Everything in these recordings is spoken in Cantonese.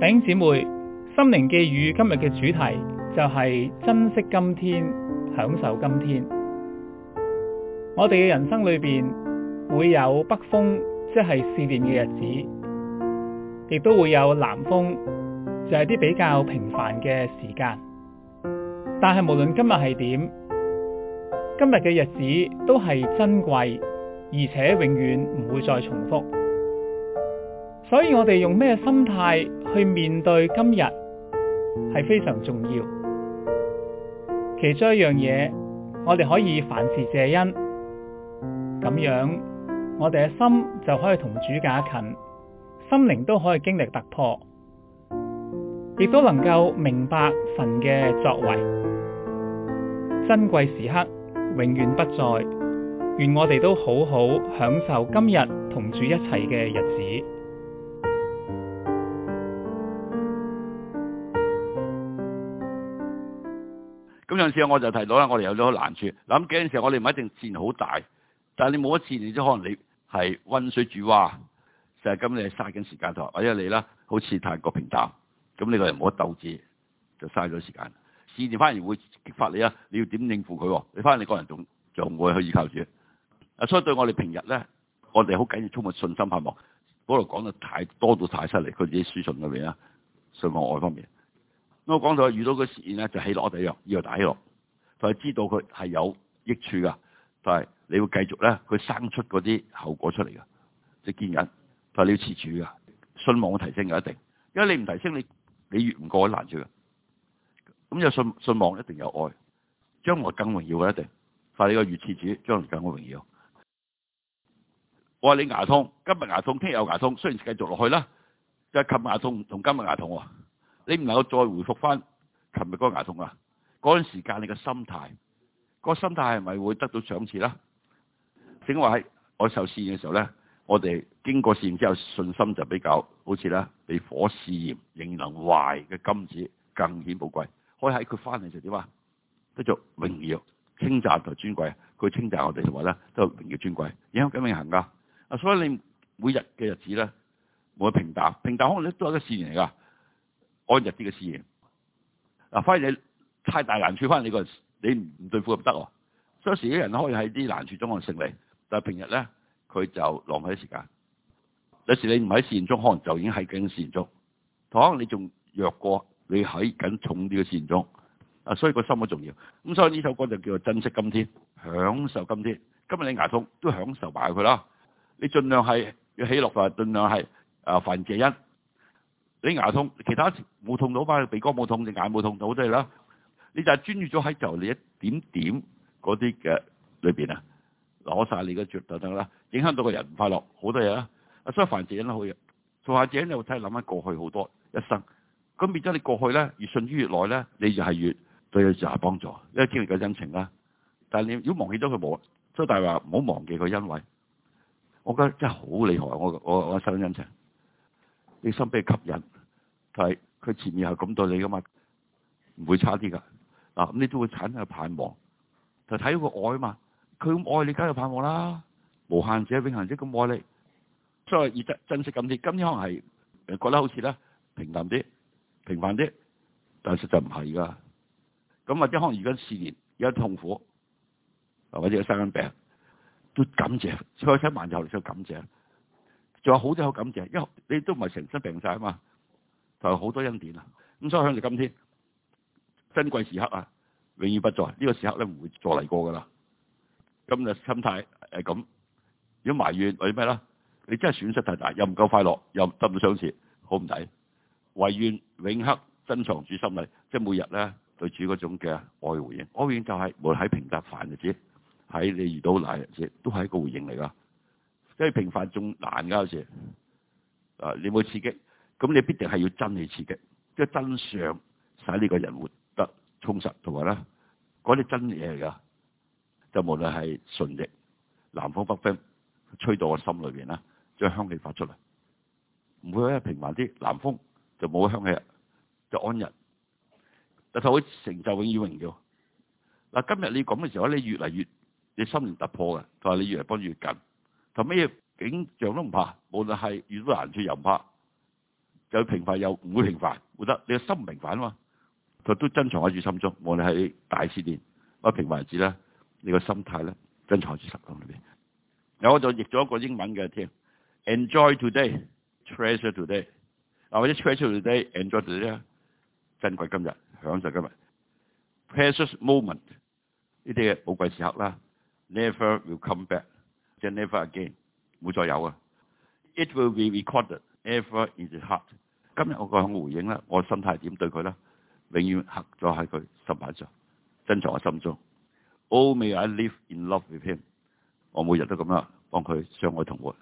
弟兄姐妹，心靈寄語今日嘅主題就係珍惜今天，享受今天。我哋嘅人生裏邊會有北風，即係試煉嘅日子；亦都會有南風，就係、是、啲比較平凡嘅時間。但係無論今日係點，今日嘅日子都係珍貴，而且永遠唔會再重複。所以我哋用咩心態去面對今日係非常重要。其中一樣嘢，我哋可以凡事謝恩。咁樣，我哋嘅心就可以同主架近，心靈都可以經歷突破，亦都能夠明白神嘅作為。珍貴時刻永遠不再，願我哋都好好享受今日同主一齊嘅日子。咁樣時，我就提到啦，我哋有咗難處。諗嘅時候，我哋唔一定戰好大，但係你冇一戰，你都可能你係溫水煮蛙，成日咁你嘥緊時間就，或者你啦，好似太過平淡，咁你個人冇得鬥志，就嘥咗時間。事前反而會激發你啊！你要點應付佢？你反而你個人仲仲會去依靠住。啊，所以對我哋平日咧，我哋好緊要充滿信心盼望。嗰度講得太多到太犀利，佢自己書信裏邊啊，信望愛方面。我講到，遇到個試驗咧，就喜樂第一樣，以後大起落，就佢知道佢係有益處噶，但係你會繼續咧，佢生出嗰啲後果出嚟噶，即係堅忍，但係你要持住噶，信望提升就一定，因為你唔提升，你你越唔過嗰難住。咁有信信望一定有愛，將來更榮耀嘅一定，但係你個越持主將來更嘅榮耀。我話你牙痛，今日牙痛，聽日又牙痛，雖然繼續落去啦，但係琴日牙痛同今日牙痛。你唔能夠再回復返琴日嗰個牙痛啊！嗰陣時間，你嘅心態，個心態係咪會得到賞賜啦？正話喺我受試驗嘅時候呢，我哋經過試驗之後，信心就比較好似啦，比火試驗仍能壞嘅金子更顯寶貴。可以喺佢返嚟就點啊？繼續榮耀稱讚同尊貴，佢稱讚我哋就話呢，都係榮耀尊貴，影響幾榮行㗎。所以你每日嘅日子呢，冇得平淡，平淡可能你都係一個試驗嚟㗎。安逸啲嘅試驗，嗱，反而你太大難處，返你個你唔對付唔得喎。有時啲人可以喺啲難處中可能勝利，但係平日咧佢就浪費時間。有時你唔喺試驗中，可能就已經喺緊試驗中。同可能你仲弱過你喺緊重啲嘅試驗中。啊，所以個心好重要。咁所以呢首歌就叫做珍惜今天，享受今天。今日你牙痛都享受埋佢啦。你盡量係要起落，就儘量係啊，凡你牙痛，其他冇痛到，反而鼻哥冇痛，隻眼冇痛到都係啦。你就係專注咗喺就你一點點嗰啲嘅裏邊啊，攞晒你嘅絕就得啦，影響到個人唔快樂好多嘢啊。所以凡事都好嘢，做下事你就睇諗翻過去好多一生。咁變咗你過去咧，越順於越耐咧，你就係越對佢有幫助，因為經歷緊恩情啦。但係你如果忘記咗佢冇，所以大衛話唔好忘記佢恩惠。我覺得真係好厲害，我我我收恩情。你心俾佢吸引，佢係佢前面係咁對你噶嘛，唔會差啲噶。啊，咁你都會產生盼望，就睇個愛啊嘛。佢咁愛你，梗係盼望啦。無限者、永恆者咁愛你，所以而真珍惜咁啲。今日可能係覺得好似咧平淡啲、平凡啲，但係實就唔係㗎。咁或者可能而家試驗，而家痛苦，或者有生病，都感謝。再聽萬有，就感謝。仲有好多好感謝，因為你都唔係成身病曬啊嘛，就係好多恩典啦。咁所以響住今天珍貴時刻啊，永遠不再呢、呢個時刻咧，唔會再嚟過噶啦。今日心態係咁，如果埋怨為咩啦，你真係損失太大，又唔夠快樂，又得唔到賞賜，好唔抵。唯願永刻珍藏住心裏，即係每日咧對主嗰種嘅愛回應。愛回應就係無論喺平價凡日子，喺你遇到難日子，都係一個回應嚟㗎。即係平凡仲難噶有時，啊，你冇刺激，咁你必定係要真去刺激，即係真相使呢個人活得充實，同埋咧講啲真嘢嚟噶，就無論係順逆，南風北風吹到我心裏邊啦，將香氣發出嚟，唔會喺平凡啲，南風就冇香氣啦，就安逸，就就會成就永以榮耀。嗱，今日你講嘅時候咧，你越嚟越，你心靈突破嘅，同埋你越嚟幫越緊。就咩嘢景象都唔怕，無論係遇到難處又唔怕，就平凡又唔會平凡，冇得你個心唔平凡啊嘛，就都珍藏喺住心中。無論喺大試練或者平凡日子咧，你個心態咧，珍藏喺住心中裏面。有我就譯咗一個英文嘅添 enjoy today, treasure today，或者 treasure today, enjoy today，珍貴今日，享受今日，precious moment 呢啲嘅寶貴時刻啦，never will come back。Never again，唔再有啊！It will be recorded ever in the heart。今日我個響回應啦，我心態點對佢啦？永遠刻咗喺佢心板上，珍藏我心中。All、oh, may I live in love with him。我每日都咁啦，幫佢相愛同活。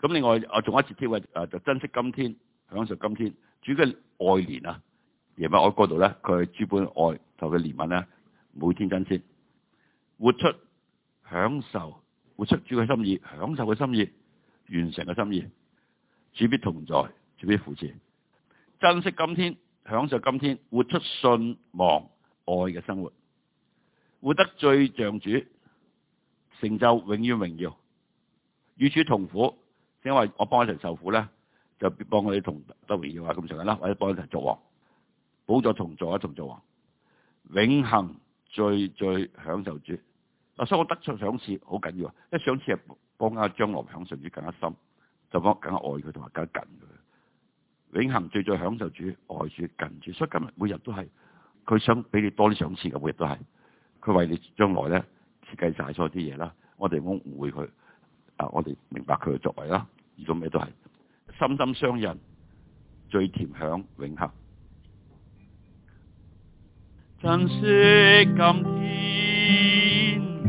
咁另外我仲有一節挑嘅，就珍惜今天，享受今天。主嘅愛憐啊，夜晚我嗰度咧，佢諸般愛同佢憐憫咧，每天珍惜，活出享受。活出主嘅心意，享受嘅心意，完成嘅心意。主必同在，主必扶持。珍惜今天，享受今天，活出信望愛嘅生活，活得最像主，成就永遠榮耀。與主同苦，因為我幫一齊受苦咧，就幫我哋同得榮耀啊，咁成日啦，或者幫一齊做王，寶座同坐，一同做王，永恒最最享受主。啊！所以我得著賞賜好緊要啊，一賞賜係幫我家將來享受住更加深，就幫更加愛佢同埋更加近佢。永恒最最享受住、愛住、近住，所以今日每日都係佢想俾你多啲賞賜，咁每日都係佢為你將來咧設計曬所有啲嘢啦。我哋唔好誤會佢，啊，我哋明白佢嘅作為啦。如果咩都係深深相印，最甜享永恒珍惜咁